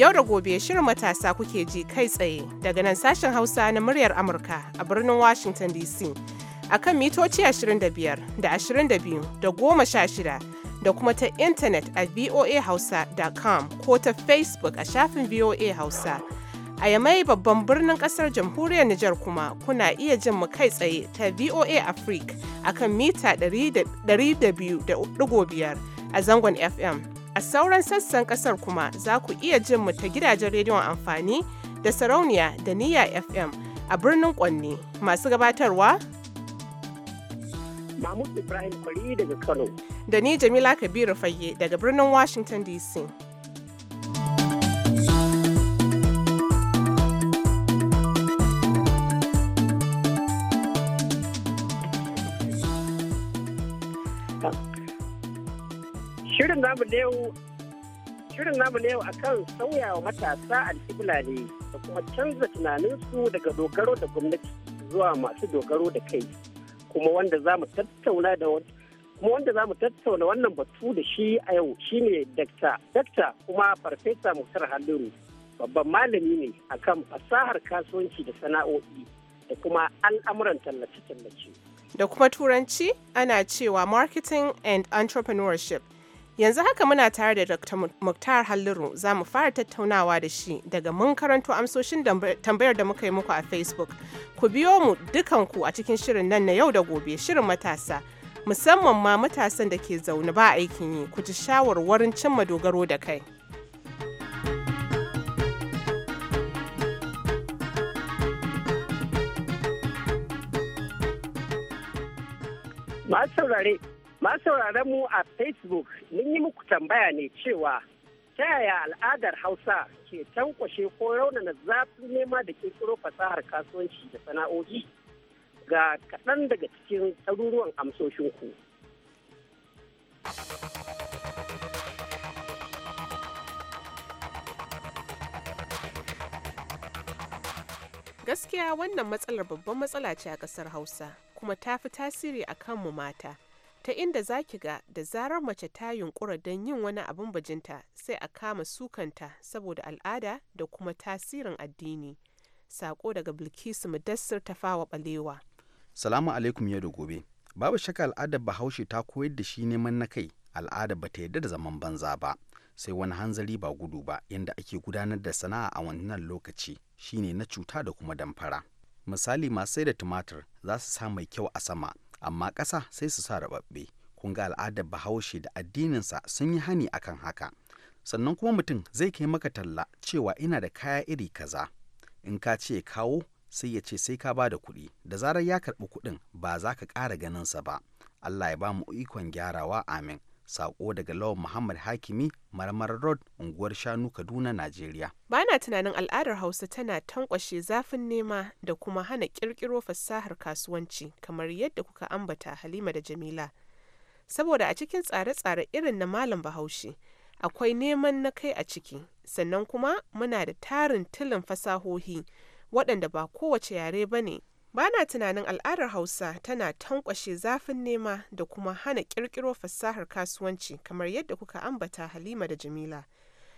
Yau da gobe shirin matasa kuke ji kai tsaye daga nan sashen Hausa na muryar Amurka a birnin Washington DC a kan mitoci 25 da 22 da 16 da kuma ta intanet a voahausa.com ko ta Facebook a shafin VOA Hausa. A yamai babban birnin kasar jamhuriyar Nijar kuma kuna iya jin mu kai tsaye ta VOA Africa a kan mita 200.5 a zangon FM. A sauran sassan kasar kuma za ku iya jin mu ta gidajen rediyon amfani da sarauniya da niyya FM a birnin Kwanne masu gabatarwa. Mahmud Ibrahim Kwari daga Kano. Da ni Jamila Kabiru Fayye daga birnin Washington DC. namu ne shirin namu yau akan sauyawa matasa alkibla ne da kuma canza tunaninsu daga dogaro da gwamnati zuwa masu dogaro da kai kuma wanda za mu tattauna da kuma wanda za mu tattauna wannan batu da shi a yau shine dakta dakta kuma farfesa muktar halliru babban malami ne akan fasahar kasuwanci da sana'o'i da kuma al'amuran tallace-tallace da kuma turanci ana cewa marketing and entrepreneurship Yanzu haka muna tare da Dr. Muktar Halliru za mu fara tattaunawa da shi daga mun karanto amsoshin tambayar da muka yi muku a Facebook. Ku biyo mu dukanku a cikin shirin nan na yau da gobe shirin matasa. Musamman ma matasan da ke zaune ba aikin yi, ku ji shawarwarin cimma dogaro da kai. Masu saurare, masauraran mu a Facebook mun yi muku tambaya ne cewa ta yaya al'adar Hausa ke tankwashe ko raunana zafin nema da kirkiro fasahar kasuwanci da sana'o'i ga kaɗan daga cikin ɗaruruwan amsoshinku. Gaskiya wannan matsalar babban matsala ce a ƙasar Hausa kuma ta fi tasiri a kanmu mata. ta inda za ki ga da zarar mace ta yunkura don yin wani abin bajinta sai a kama sukanta saboda al'ada da kuma tasirin addini sako daga bilkisu mudassir ta fawa balewa salamu alaikum yau da gobe babu shakka al'adar bahaushe ta koyar da shi neman na kai al'ada ba ta yarda da zaman banza ba sai wani hanzari ba gudu ba yadda ake gudanar da sana'a a wannan lokaci shine na cuta da kuma damfara misali masu sai da tumatir za su sa mai kyau a sama amma ƙasa sai su sa rababbe kun ga al'adar bahaushe da addininsa sun yi hani akan haka sannan kuma mutum zai kai maka talla cewa ina da kaya iri kaza in ka ce kawo sai ya ce sai ka ba da kuɗi da zarar ya karɓi kuɗin ba za ka ƙara ganinsa ba allah ya ba mu ikon gyarawa amin Sako daga Lawan Muhammad Hakimi, Marmar Road, unguwar Shanu, Kaduna, Najeriya. Ba na tunanin al'adar Hausa tana tankwashe zafin nema da kuma hana ƙirƙiro fasahar kasuwanci kamar yadda kuka ambata Halima da Jamila. Saboda a cikin tsare-tsare irin na Malam Bahaushe, akwai neman na kai a ciki, sannan kuma muna da tarin tilin fasahohi waɗanda ba kowace yare ba ne bana tunanin al'adar Hausa tana tankwashe zafin nema da kuma hana kirkiro fasahar kasuwanci kamar yadda kuka ambata Halima da Jamila,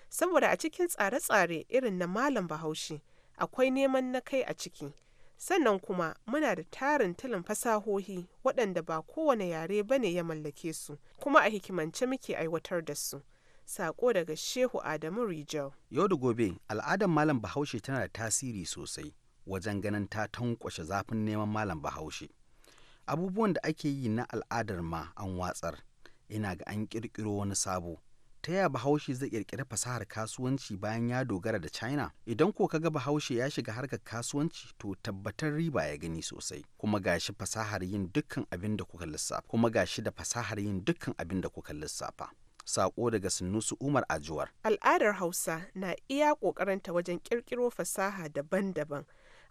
saboda a cikin tsare-tsare irin na Malam Bahaushe akwai neman na kai a ciki. Sannan kuma muna da tarin tilin fasahohi waɗanda ba kowane yare ba ne ya mallake su, kuma a hikimance muke aiwatar da su. Sako daga Shehu Adamu Rijau. Yau da gobe, al'adar Malam Bahaushe tana da tasiri sosai. wajen ganin ta tankwashe zafin neman malam bahaushe abubuwan da ake yi na al'adar ma an watsar ina ga an ƙirƙiro wani sabo ta yaya bahaushe zai ƙirƙiri fasahar kasuwanci bayan ya dogara da china idan ko kaga bahaushe ya shiga harkar kasuwanci to tabbatar riba ya gani sosai kuma gashi fasahar yin dukkan abin da kuka lissafa kuma gashi da fasahar yin dukkan abin da kuka lissafa sako daga Sunusu Umar Ajuwar. Al'adar Hausa na iya ƙoƙarinta wajen ƙirƙiro fasaha daban-daban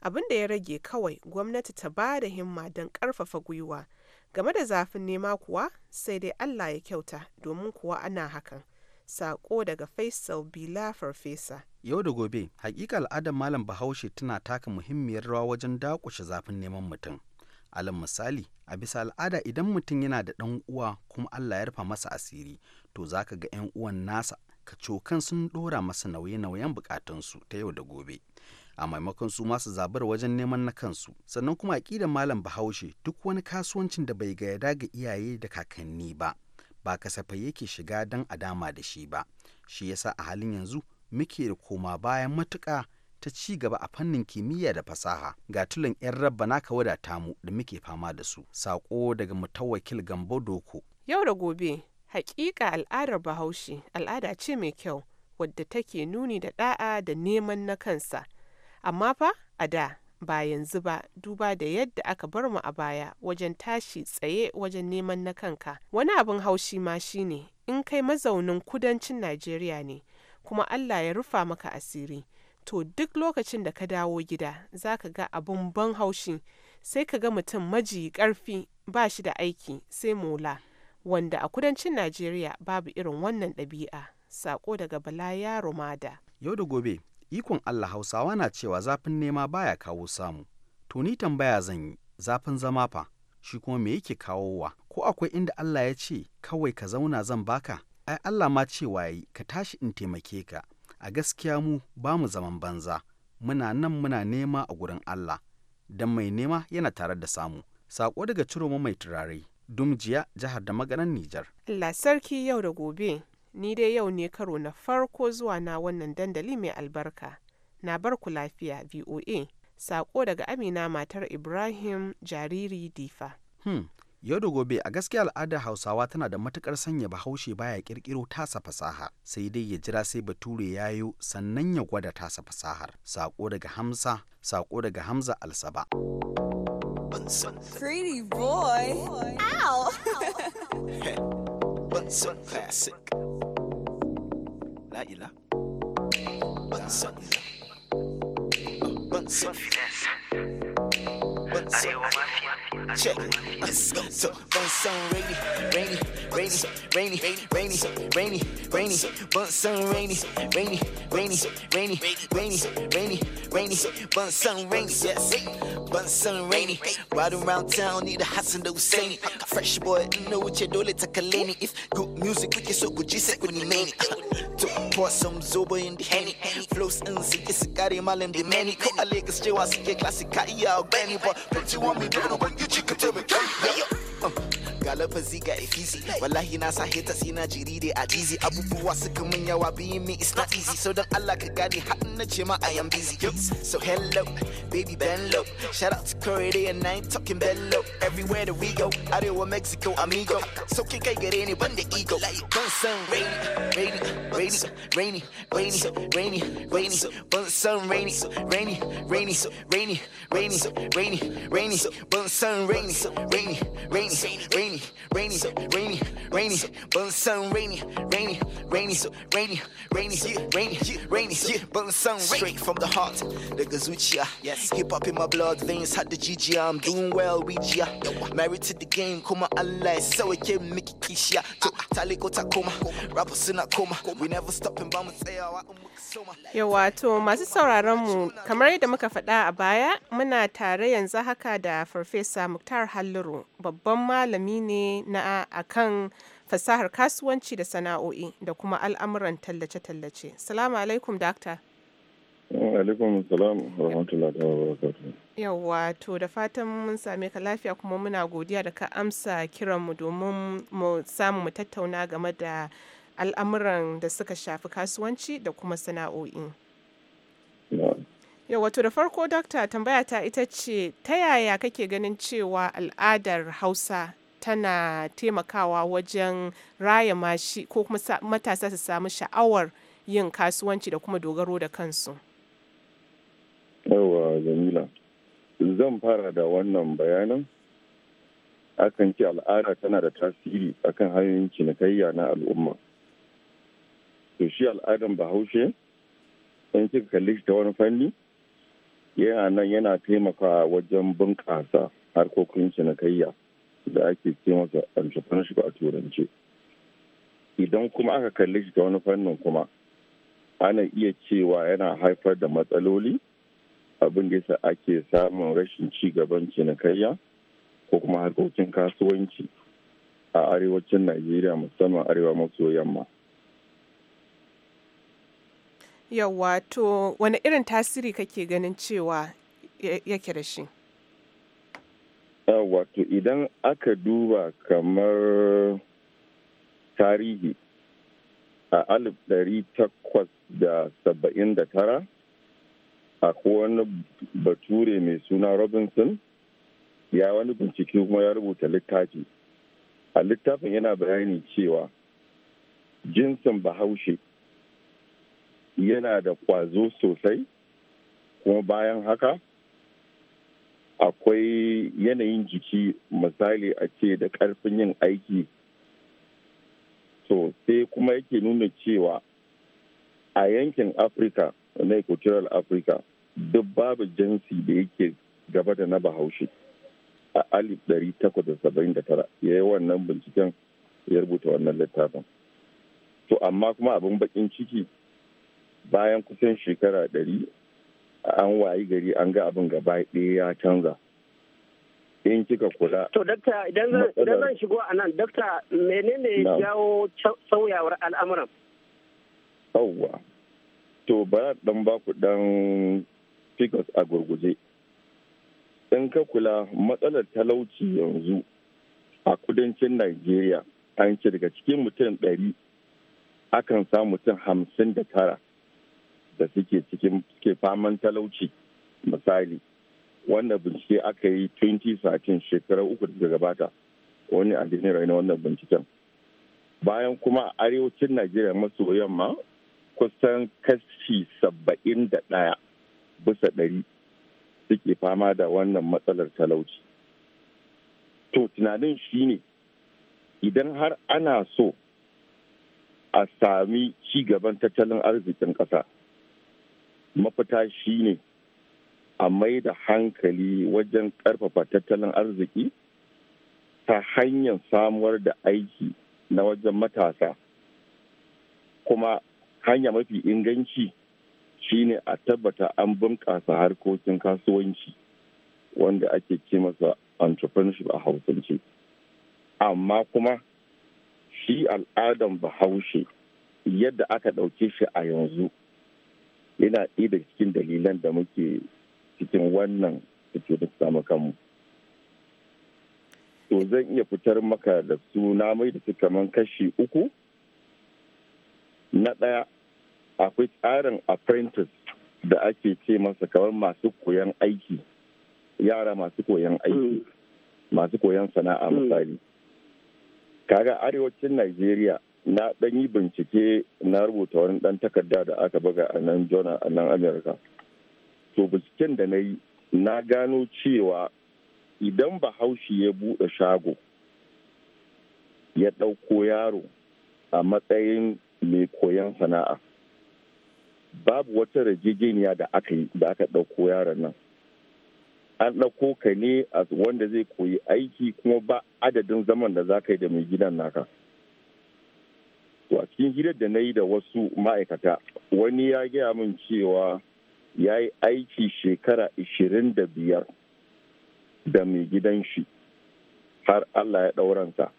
abin da ya rage kawai gwamnati ta ba da himma don ƙarfafa gwiwa game da zafin nema kuwa sai dai allah ya kyauta domin kuwa ana hakan sako daga faisal bila farfesa yau da gobe hakika al'adar malam bahaushe tana taka muhimmiyar rawa wajen dakushe zafin neman mutum alal misali a bisa al'ada idan mutum yana da ɗan uwa kuma allah ya rufa masa asiri to zaka ga 'yan uwan nasa ka cokan sun ɗora masa nauye-nauyen bukatunsu ta yau da gobe a maimakon su masu zabar wajen neman na kansu sannan kuma aƙidar malam bahaushe duk wani kasuwancin da bai gayyada ga iyaye da kakanni ba ba kasafai yake shiga don a dama da shi ba shi yasa a halin yanzu muke da koma bayan matuƙa ta ci gaba a fannin kimiyya da fasaha ga tulin 'yan rabba naka wadata mu da muke fama da su saƙo daga mutawakil gambo doko yau da gobe haƙiƙa al'adar bahaushe al'ada ce mai kyau wadda take nuni da ɗa'a da neman na kansa Amma fa a da ba yanzu ba duba da yadda aka bar mu a baya wajen tashi tsaye wajen neman na kanka. Wani abin haushi ma shi ne in kai mazaunin kudancin Najeriya ne kuma Allah ya rufa maka asiri, to duk lokacin da ka dawo gida za ka ga abin ban haushi sai ka ga mutum maji karfi ba shi da aiki sai mola wanda a kudancin Najeriya babu irin wannan ɗabi'a. Sako daga Bala ya rumada. Yau da gobe Ikon Allah Hausawa na cewa zafin nema baya kawo samu. To ni tambaya zan yi, zafin zama fa, shi kuma me yake kawowa? Ko akwai inda Allah ya ce, kawai ka zauna zan baka? Ai Allah ma cewa yi, ka tashi in taimake ka. A gaskiya mu ba mu zaman banza, muna nan muna nema a gurin Allah, dan mai nema yana tare da samu. Saƙo daga Ciroma mai turare, Dumjiya, jihar da maganar Nijar. Allah sarki yau da gobe. ni dai yau ne karo na farko zuwa na wannan dandali mai albarka. Na barku lafiya VOA. Sako daga Amina matar Ibrahim jariri Difa. Hmm. Yau da gobe a gaskiya al'adar Hausawa tana da matukar sanya bahaushe baya kirkiro tasa fasaha sai dai ya jira sai bature yayo sannan ya gwada tasa fasahar. Sako daga Hamza, sako daga Hamza Alsaba. Pretty boy. Ow. Bunsen Classic. Là, il a. Bunsen, il a. Bunsen. Bunsen. Check. Let's go. So bounce on rainy, rainy, rainy, rainy, rainy, rainy, rainy. bun sun rainy, rainy, rainy, rainy, rainy, rainy, rainy. bun sun rainy, yes. Bounce on rainy. Ride around town, need a hot sun Hassan Hussein. Fresh boy, know what you do, let's take a lane. If good music, we can so good, just like when you mean it. To pour some Zoba in the henny. Flows in, see, it's a my malam, the many. Call a leg, it's still, I see, classic, I, yeah, Benny, but put you on me, don't know when you tell me, come here. Uh ga lafazi ga ifizi wallahi na sa hita sina jiri dai a abubuwa suka mun yawa being me it's not easy so don Allah ka gane haɗin na ce ma I am busy so hello baby bend low shout out to Curry day and night talking bello everywhere that we go in Mexico amigo so kin I get any? banda ego like ban san rainy rainy rainy rainy rainy rainy rainy ban san rainy rainy rainy rainy rainy rainy rainy ban san rainy rainy rainy rainy rainy, rainy, rainy, rainy, sun rainy, rainy, rainy, so rainy, rainy, rainy, rainy, rainy, sun Straight from the heart, the Gazuchia. Yes, hip hop in my blood veins, had the GG. I'm doing well with ya. Married to the game, come on, Allah, so it came, Mickey it kisha. To Taliko Takoma, rappers in a coma. We never stop in Bama. Oh, Yawa to masu sauraron mu kamar yadda muka faɗa a baya muna tare yanzu haka da Farfesa Muktar Halliru babban malami ne na akan fasahar kasuwanci da sana'o'i da kuma al'amuran tallace-tallace. Salamu alaikum, Dakta. alaikum salamu rahmatullahi wa barakatuh yawa to da fatan mun same ka lafiya kuma muna godiya da ka amsa kiranmu domin mu samu mu tattauna game da al'amuran da suka shafi kasuwanci da kuma sana'o'i yawa to da farko dokta tambaya ta ita ce ta yaya kake ganin cewa al'adar hausa tana taimakawa wajen raya mashi ko kuma matasa su samu sha'awar yin kasuwanci da kuma dogaro da kansu. Yawa Jamila, zan fara da wannan bayanan? Akan ce al'ada tana da tasiri akan hanyoyin cinikayya na al'umma. To shi al'adan bahaushe, in kika kalli shi ta wani fanni, yana nan yana taimakawa wajen bunƙasa harkokin cinikayya. da ake ce masa entrepreneurship a turance idan kuma aka kalli shi ta wani fannin kuma ana iya cewa yana haifar da matsaloli abin da yasa ake samun rashin ci gaban cinikayya ko kuma harkokin kasuwanci a arewacin najeriya musamman arewa maso yamma yawwa to wani irin tasiri kake ganin cewa yake da shi wato idan aka duba kamar tarihi a alif ɗari takwas da saba'in da tara wani bature mai suna robinson ya wani bincike kuma ya rubuta littafi a littafin yana bayani cewa jinsin bahaushe yana da kwazo sosai kuma bayan haka akwai yanayin jiki misali a ce da ƙarfin yin aiki to sai kuma yake nuna cewa a yankin afirka na equatorial afirka duk babu jinsi da yake gaba da na bahaushe a alif takwas da saba'in tara ya yi wannan binciken ya rubuta wannan littafin to amma kuma abin bakin ciki bayan kusan shekara ɗari an wayi gari an ga abin gaba ɗaya ya canza in kika kula. To dakta idan zan shigo a nan dakta menene jawo sauyawar al'amuran? Yawwa. To bara dan ba ku dan figures a gurguje. In ka kula matsalar talauci hmm. yanzu a kudancin Najeriya an ce daga cikin mutum ɗari akan samu mutum hamsin da tara da suke cikin suke faman talauci misali wanda bincike aka yi 2013 shekarar uku da gabata wani adini na wannan binciken bayan kuma arewacin najeriya maso yamma kusan kashi saba'in da ɗaya bisa dari suke fama da wannan matsalar talauci to tunanin shine idan har ana so a sami ci gaban tattalin arzikin ƙasa mafita shi ne a mai da hankali wajen karfafa tattalin arziki ta hanyar samuwar da aiki na wajen matasa kuma hanya mafi inganci shi ne a tabbata an bunƙasa harkokin kasuwanci wanda ake ce masa entrepreneurship a hausance amma kuma shi al'adan bahaushe yadda aka ɗauke shi a yanzu yana ɗaya da cikin dalilan da muke cikin wannan da ke da samu kanmu to zan iya fitar maka da suna mai da su kamar kashi uku na ɗaya akwai tsarin apprentice da ake ce masa kamar masu koyan aiki yara masu koyan aiki mm. masu koyan sana'a misali kaga arewacin najeriya na ɗan yi bincike na rubuta wani ɗan takarda da aka buga a nan jona a nan amurka to binciken da na yi na gano cewa idan haushi ya buɗe shago ya ɗauko yaro a matsayin mai koyon sana'a babu wata rajijiniya da aka yi da aka ɗauko yaron nan an ɗauko ka ne a wanda zai koyi aiki kuma ba adadin zaman da za ka yi da mai gidan naka. to a cikin hirar da na yi da wasu ma'aikata wani ya gaya min cewa ya yi aiki shekara 25 da mai gidan shi har allah ya ɗauransa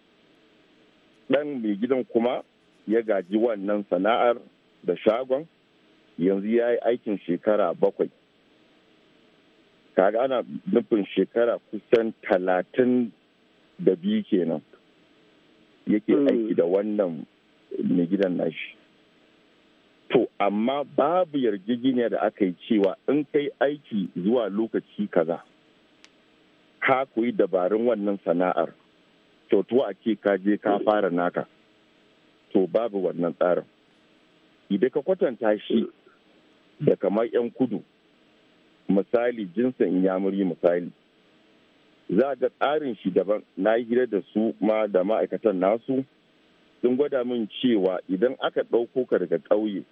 ɗan mai gidan kuma ya gaji wannan sana'ar da shagon yanzu ya yi aikin shekara bakwai kaga ana nufin shekara kusan talatin da biyu kenan yake hmm. aiki da wannan mai gidan nashi to amma babu yarjejeniya da aka yi cewa in kai aiki zuwa lokaci kaza ka koyi dabarun wannan sana'ar to a ake ka je ka fara naka to babu wannan tsarin idan ka kwatanta shi da kamar 'yan kudu misali jinsin inyamuri misali za ga tsarin shi daban na hira da su ma da ma'aikatan nasu sun gwada min cewa idan aka ɗauko ka daga ƙauye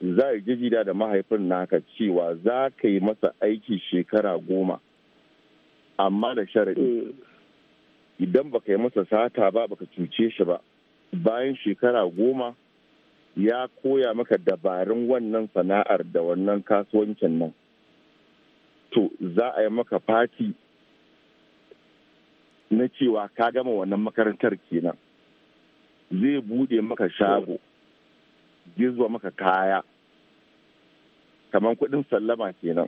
za a jida da mahaifin naka cewa za ka yi masa aiki shekara goma amma da sharaɗi idan baka yi masa sata ba baka cuce shi ba bayan shekara goma ya koya maka dabarun wannan sana'ar da wannan kasuwancin nan to za a yi maka fati na cewa ka gama wannan makarantar kenan zai bude maka shago gizwa maka kaya kamar kudin sallama kenan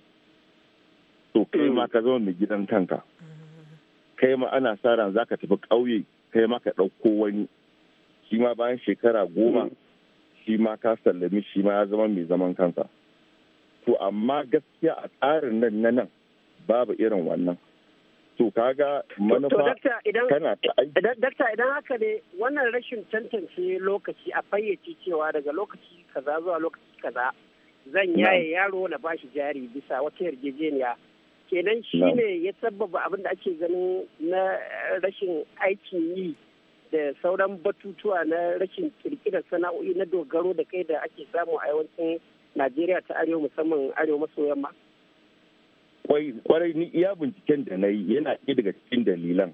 to kai ma ka zama mai gidan kanka kai ma ana sa ran za ka tafi ƙauye kai ma ka ɗauko wani shi ma bayan shekara goma shi ma ka sallami shi ma ya zama mai zaman kanka to amma gaskiya a tsarin nan na nan babu irin wannan to kaga manufa kana ta Dakta idan haka ne wannan rashin tantance lokaci a fayyace cewa daga lokaci kaza zuwa lokaci kaza zan yaye yaro na bashi jari bisa wata yarjejeniya kenan shi ne ya sababa abin da ake ganin na rashin aikin yi da sauran batutuwa na rashin kirkirar sana'o'i na dogaro da kai da ake samu a yawancin najeriya ta arewa musamman arewa maso yamma. kwarai ni iya binciken da na yi yana ɗaya daga cikin dalilan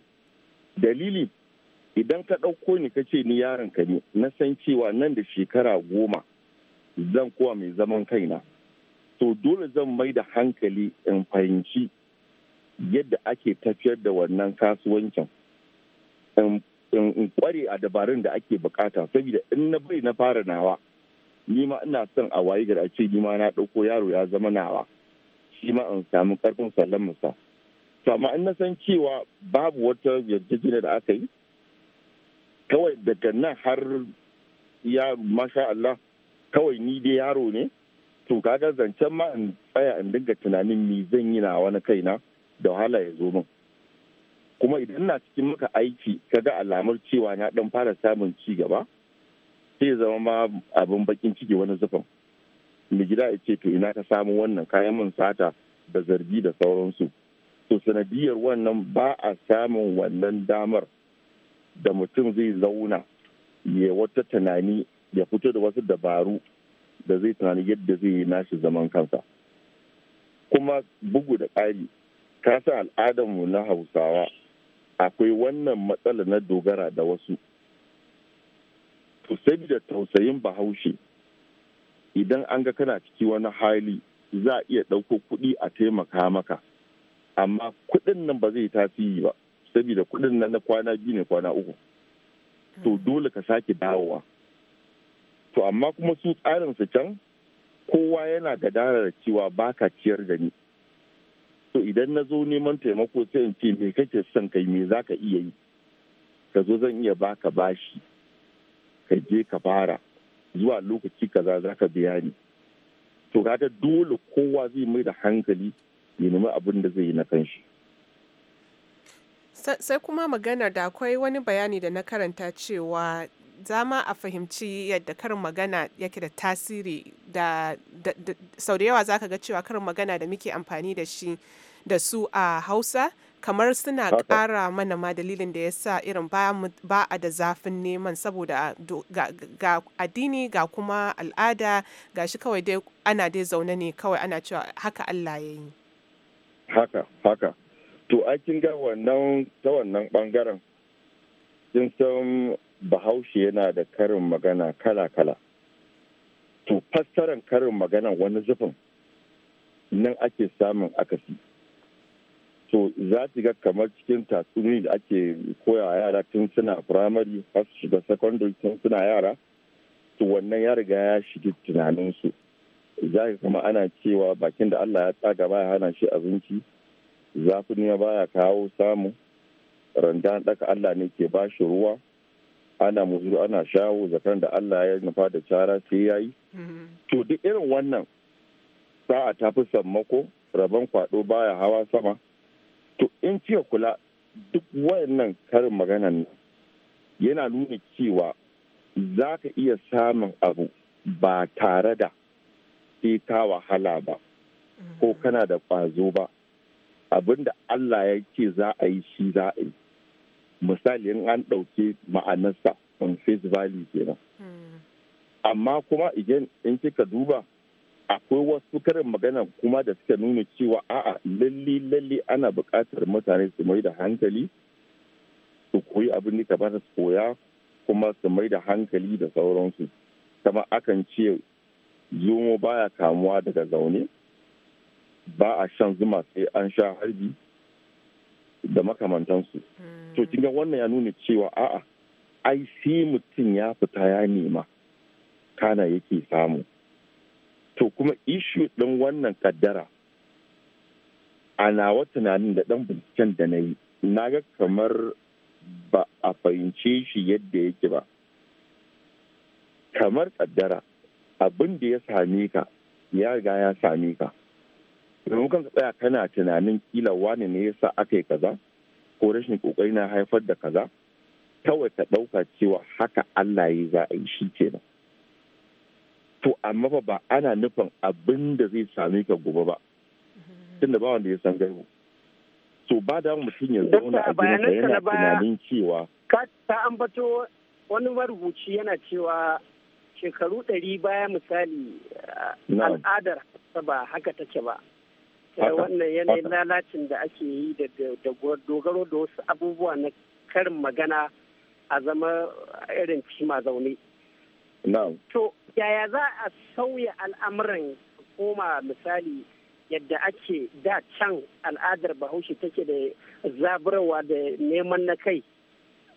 dalili idan ka ɗauko ni ka ce ni yaron ka ne na san cewa nan da shekara goma zan kowa mai zaman kaina to dole zan mai da hankali in fahimci yadda ake tafiyar da wannan kasuwancin in kware a dabarun da ake bukata saboda in na bai na fara nawa ni ma ina son a waye gari a ce ni ma na ɗauko yaro ya zama nawa shi ma in samu karfin sallan musa to amma in na san cewa babu wata yarjejeniya da aka yi kawai daga nan har ya masha Allah kawai ni dai yaro ne to kaga zancen ma in tsaya in dinga tunanin me zan yi na wani kaina da wahala ya zo min kuma idan na cikin maka aiki kaga alamar cewa na dan fara samun ci gaba sai ya zama ma abin bakin ciki wani zufan mai gida ya ce to ina ka samu wannan kayan mun sata da zargi da sauransu to sanadiyar wannan ba a samun wannan damar da mutum zai zauna ya wata tunani ya fito da wasu dabaru da zai tunani yadda zai yi nashi zaman kansa kuma bugu da ƙari kasa al'adarmu na hausawa akwai wannan matsala na dogara da wasu to da tausayin bahaushe idan an ga kana ciki wani hali za a iya ɗauko kuɗi a taimaka maka amma kuɗin nan ba zai tasiri ba saboda kuɗin nan na kwana biyu ne kwana uku to hmm. dole ka sake dawowa to amma kuma su tsarin su can kowa yana gadara da cewa baka ciyar da ni to idan na zo neman taimako sai in ce me kake son kai me za ka iya yi ka zo zan iya baka bashi ka je ka fara zuwa lokaci kaza za ka biya ni to dole kowa zai mai da hankali ya nemi abin da zai yi na kanshi sai kuma maganar da akwai wani bayani da na karanta cewa zama a fahimci yadda karin magana yake da tasiri da, sau da yawa za ka ga cewa karin magana da muke amfani da shi da su a hausa kamar suna kara mana ma dalilin da ya sa irin ba a da zafin neman saboda ga addini ga kuma al'ada ga shi kawai dai ana dai zaune ne kawai ana cewa haka Allah ya yi. Haka, haka. To, kin ga wannan ta wannan ɓangaren, kin san bahaushe yana da karin magana kala-kala. To, fassaran karin magana wani zufin nan ake samun akasi. to za ta ga kamar cikin tatsuniyoyi da ake koya wa yara tun suna firamare har su shiga secondary tun suna yara to wannan ya riga ya shiga tunaninsu za ka kama ana cewa bakin da Allah ya tsaga baya hana shi abinci zafin ya baya kawo samu randa daka Allah ne ke ba shi ruwa ana muzuru ana shawo zakan da Allah ya nufa da cara sai ya yi mm-hmm. to duk irin wannan sa'a ta fi sammako rabon kwado baya hawa sama to in kika kula duk wayannan karin maganan yana nuna cewa za ka iya samun abu ba tare da sai ta wahala ba ko mm. kana da ƙwazo ba abin da Allah ya ce za a yi shi za a yi misali in an ɗauke ma'anarsa on face value kenan mm. amma kuma idan in kika duba akwai wasu karin magana kuma da suka nuna cewa a'a lalli lalli ana buƙatar mutane su mai da hankali su koyi abin da ba su koya kuma su mai da hankali da sauransu kama akan ce zomo baya kamuwa daga zaune ba a shan zuma sai an sha harbi da makamantansu to hmm. kinga wannan ya nuna cewa a'a ai sai mutum ya fita ya nema kana yake samu to kuma ishu ɗin wannan kaddara a nawa tunanin da ɗan binciken da na yi na ga kamar ba a fahimce shi yadda yake ba kamar kaddara abin da ya same ka ya ga ya same ka domin kan tsaya kana tunanin kila wani ne yasa aka yi kaza ko rashin kokari na haifar da kaza kawai ka ɗauka cewa haka Allah ya za a yi shi kenan to amma fa ba ana nufin abin da zai same ka gobe ba tunda ba wanda ya san gaibu so ba da mutum ya zauna a gidansa yana tunanin cewa ka ambato wani marubuci yana cewa shekaru ɗari baya misali al'adar ba haka take ba wannan yanayin lalacin da ake yi da dogaro da wasu abubuwa na karin magana a zama irin cima zaune To yaya za a sauya al'amuran koma misali yadda ake da can al'adar bahaushe take da zaburawa da neman na kai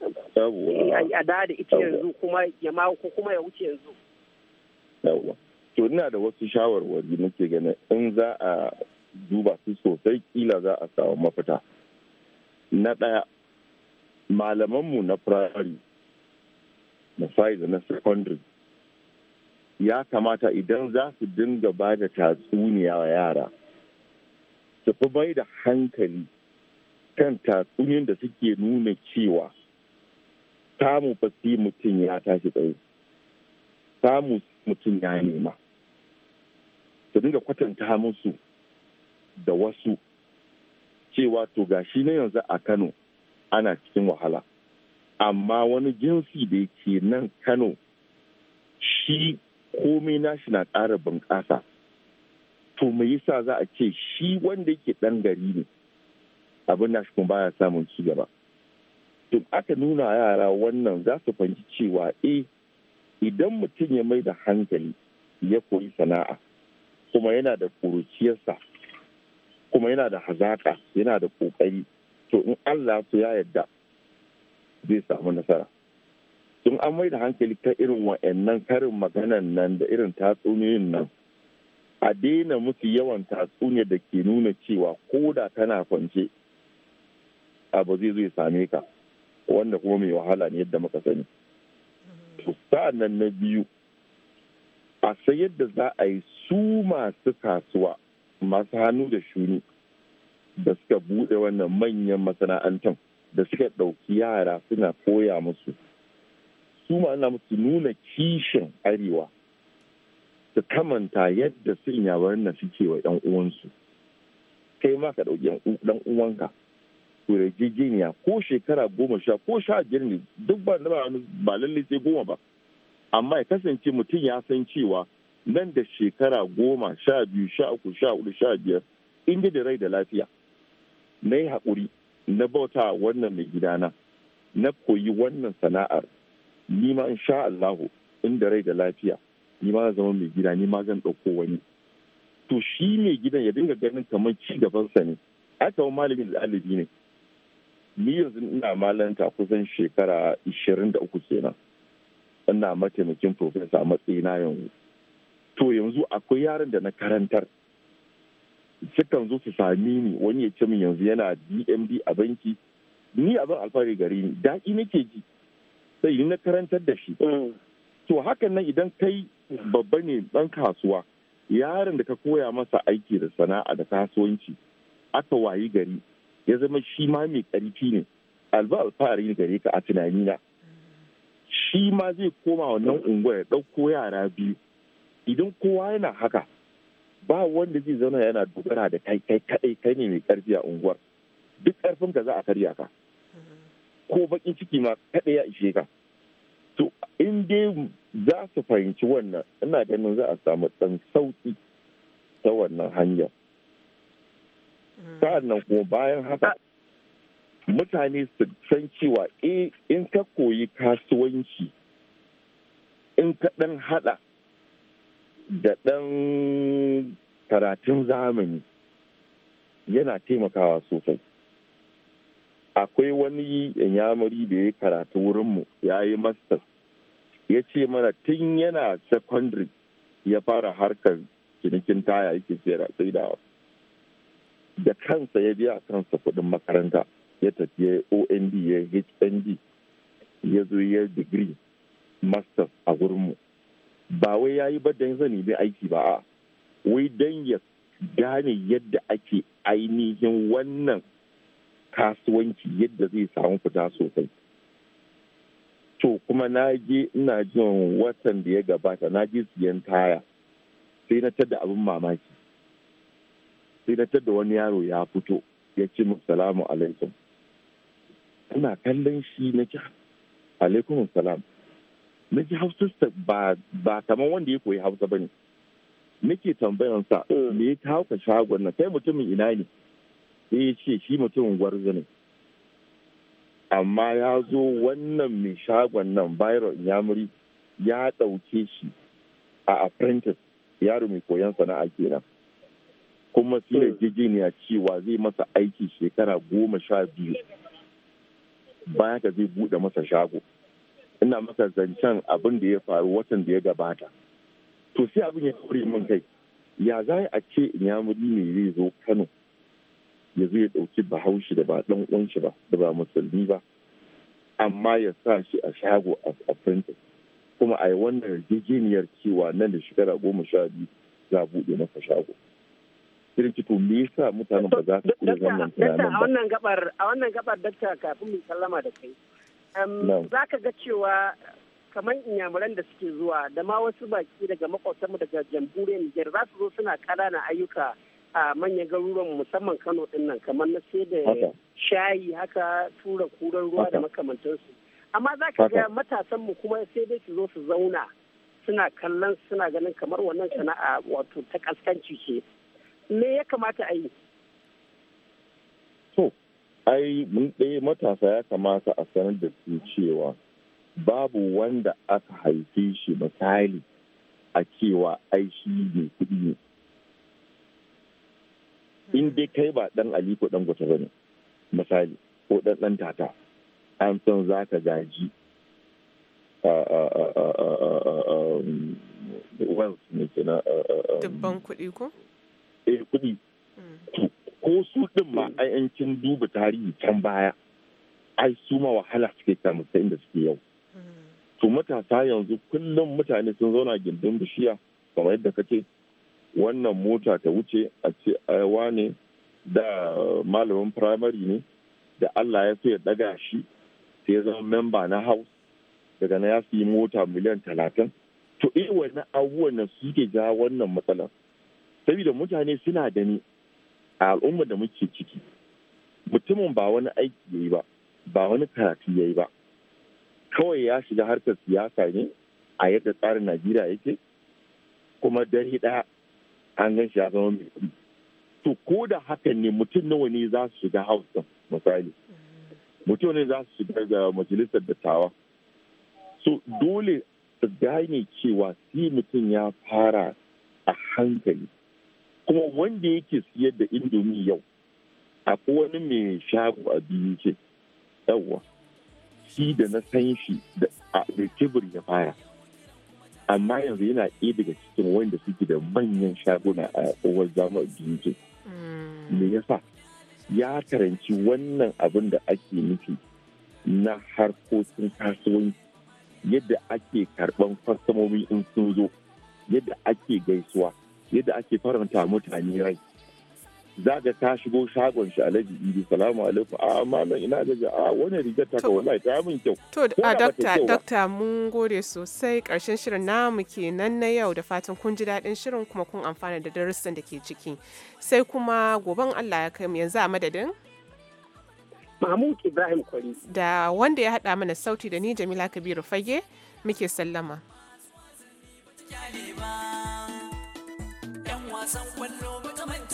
eh, a da da ita yanzu kuma ya ko kuma ya wuce yanzu. To ina da wasu shawarwari nake ganin in za a duba su sosai kila za a samu mafita. Na ɗaya malamanmu na firayari na na secondary ya kamata idan za su dinga ba da tatsuniya wa yara su fi bai da hankali kan tatsuniyar da suke nuna cewa samu fasi mutum ya tashi tsaye samu mutum ya nema su dinga kwatanta musu da wasu cewa to gashi na yanzu a kano ana cikin wahala amma wani jinsi da yake nan kano shi komai nashi na ƙara bunƙasa to me yasa za a ce shi wanda yake ɗan gari ne abin nashi kuma baya samun ci gaba to aka nuna yara wannan za su fahimci cewa eh idan mutum ya mai da hankali ya koyi sana'a kuma yana da kuruciyarsa kuma yana da hazaƙa yana da ƙoƙari to in allah ya yarda zai samu nasara sun an mai da hankali ta irin wa'annan karin maganan nan da irin tatsuniyoyin nan a daina musu yawan tatsuniya da ke nuna cewa ko da kana kwance abu zai zai same ka wanda kuma mai wahala ne yadda muka sani sa'an nan na biyu a sai yadda za a yi su masu kasuwa masu hannu da shuni da suka buɗe wannan manyan masana'antar da suka ɗauki yara suna koya musu su ma'ana su nuna kishin arewa su kamanta yadda su inyawarin na suke wa ɗan uwansu kai ma ka ɗauki ɗan uwanka ku yarjejeniya ko shekara goma sha ko sha biyar ne duk ba da ba lalle sai goma ba amma ya kasance mutum ya san cewa nan da shekara goma sha biyu sha uku sha hudu sha biyar in da rai da lafiya na yi haƙuri na bauta wannan mai gidana na koyi wannan sana'ar ni ma insha Allahu da rai da lafiya ni ma zama mai gida ni ma zan ɗauko wani to shi mai gidan ya dinga ganin kamar ci gabansa ne aka wa malamin ɗalibi ne ni yanzu ina malanta kusan shekara 23 kenan ina mataimakin profesa a matsayina yanzu to yanzu akwai yaran da na karantar sukan zo su sami ni wani ya ce min yanzu yana dmd a banki ni abin alfahari gari ni daɗi nake ji sai yi na karantar da shi mm. to hakan nan idan kai babba ne ɗan kasuwa yaron da ka koya masa aiki da sana'a da kasuwanci aka wayi gari ya zama shi ma mai ƙarfi ne alba alfahari gare ka a tunani na shi ma zai koma wannan unguwar ɗauko yara biyu idan kowa yana haka ba wanda zai zauna yana dogara da kai kai kadai kai ne mai ƙarfi a unguwar duk ƙarfinka ka za a karya ka ko bakin ciki ma kaɗai ya ishe ka to in dai za su fahimci wannan ina ganin za a samu ɗan sauki ta wannan hanyar hmm. sa'annan kuma bayan haka mutane su san cewa eh in ka koyi kasuwanci in ka ɗan haɗa da ɗan karatun zamani yana taimakawa sosai akwai wani yamuri da ya karatu wurinmu ya yi masters ya ce mana tun yana secondary ya fara harkar cinikin taya yake saidawa da kansa ya biya kansa kudin makaranta ya tafi ya ond ya hnd ya zo ya degree, masters a wurinmu ba wai ya yi badan zani bai aiki ba a wai don ya gane yadda ake ainihin wannan kasuwanci yadda zai samu fita sosai to kuma na je ina jin watan da ya gabata na je siyan taya sai na tada abin mamaki sai na tada wani yaro ya fito ya ce mu salamu alaikum ina kallon shi na ji alaikum salam na ji hausa ba kamar wanda ya koyi hausa ba ne nake tambayansa mm. me ya kawo ka shagon nan kai mutumin ina ne sai ya ce shi mutumin gwarzo ne amma ya zo wannan mai shagon nan byron yamuri ya ɗauke shi a apprentice yaro mai koyon sana'a kenan kuma sai yarjejeniya hmm. cewa zai masa aiki shekara goma sha biyu bayan ka zai buɗe masa shago ina masa zancen abin da ya faru watan da ya gabata to sai abin ya kuri min kai ya za a ce inyamuri ne zai zo kano ya zo ya ɗauki bahaushe da ba ɗan uwanshi ba da ba musulmi ba amma ya sa shi a shago a printer kuma a yi wannan yarjejeniyar cewa nan da shekara goma sha biyu za a buɗe masa shago irin to me yasa mutanen ba za su iya wannan tunanin ba a wannan gabar a wannan gabar dakta kafin mu sallama da kai za ka ga cewa kamar inyamuran da suke zuwa da ma wasu baki daga makwabtanmu daga jamhuriyar Nijar za su zo suna na ayyuka a manyan garuruwan musamman kano din nan kamar na sai da shayi haka tura kuran ruwa da makamantansu amma za ka ga matasan mu kuma sai dai su zo su zauna suna kallon suna ganin kamar wannan sana'a wato ta kaskanci ce me ya kamata a yi to ai mun ɗaya matasa ya kamata a sanar da su cewa babu wanda aka haife shi misali a cewa ai shi ne kuɗi ne in dai kai ba dan aliko dan gwata bane misali ko dan dan tata an san za ka gaji um, wealth ne ke na dubban kuɗi ko? eh kuɗi hmm. ko su ɗin ma ayyancin duba tarihi can baya ai su ma wahala suke kamun inda suke yau hmm. to matasa yanzu kullum mutane sun zauna gindin bishiya kamar yadda kace wannan mota ta wuce a ce aiwa ne da malamin firamare ne da allah ya so ya daga shi sai ya zama memba na house daga na ya fi mota miliyan talatin to irin wannan abubuwan nan suke ja wannan matsalar saboda mutane suna da ni a al'ummar da muke ciki mutumin ba wani aiki ya yi ba ba wani karatu ya yi ba kawai ya shiga harkar siyasa ne a yadda tsarin najeriya yake kuma dare ɗaya an gan shi ya zama mai kuɗi to ko da haka ne mutum nawa ne za su shiga hausa misali mutum ne za su shiga ga majalisar dattawa so dole su gane cewa si mutum ya fara a hankali kuma wanda yake siyar da indomi yau akwai wani mai shago a biyu ce yawwa shi da na san shi da a ya fara amma yanzu yana ɗaya daga cikin wanda suke da manyan shaguna a tsohon zama biyu me yasa ya karanci wannan abin da ake nufi na harkokin kasuwanci yadda ake karɓan kwastamomi in sun zo yadda ake gaisuwa yadda ake faranta mutane rai za ka ta shigo shagon shi alaji idi salamu alaikum a amma nan ina gaji a wani rigar taka wallahi ta min kyau to a dokta dokta mun gode sosai karshen shirin namu kenan na yau da fatan kun ji daɗin shirin kuma kun amfana da darussan da ke ciki sai kuma goban Allah ya kai mu yanzu a madadin Mahmud Ibrahim Kwari da wanda ya haɗa mana sauti da ni Jamila Kabiru Fage muke sallama Yan wasan kwallo